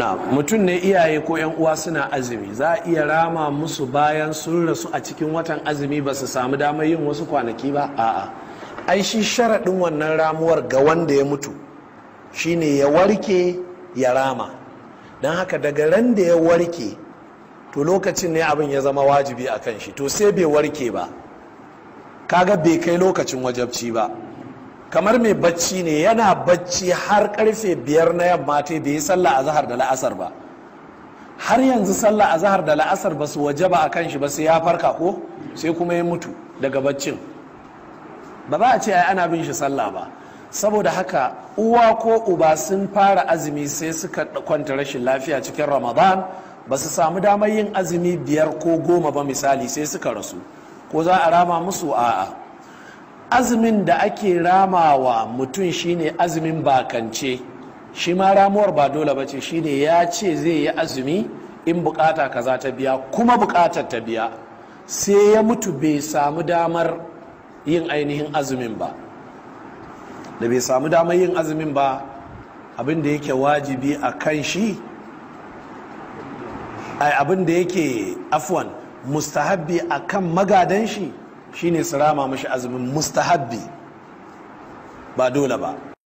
na mutum ne iyaye ko yan uwa suna azumi za a iya rama musu bayan sun rasu a cikin watan azumi ba su samu damar yin wasu kwanaki ba a'a ai shi sharaɗin wannan ramuwar ga wanda ya mutu shine ya warke ya rama don haka daga ran da ya warke to lokacin ne abin ya zama wajibi a kan shi to sai bai warke ba kaga bai kai lokacin wajabci ba kamar mai bacci ne yana bacci har karfe biyar na yamma ta bai yi sallah a zahar da la'asar ba har yanzu sallah a zahar da la'asar ba su waje ba a kan shi ba sai ya farka ko sai kuma ya mutu daga baccin ba za a ce ai ana bin shi sallah ba saboda haka uwa ko uba sun fara azumi sai suka kwanta rashin lafiya cikin ramadan ba su samu damar yin azumi biyar ko goma ba misali sai suka rasu ko za a rama musu a'a azumin da ake ramawa mutum shine azumin bakance shi ma ramuwar ba dole ba ce shine ya ce zai yi azumi in bukata kaza ta biya kuma bukatar ta biya sai ya mutu bai samu damar yin ainihin azumin ba da bai samu damar yin azumin ba abin da yake wajibi a kan shi abin da yake afwan mustahabbi a kan magadan shi shine su rama mashi azumin mustahabbi ba dole ba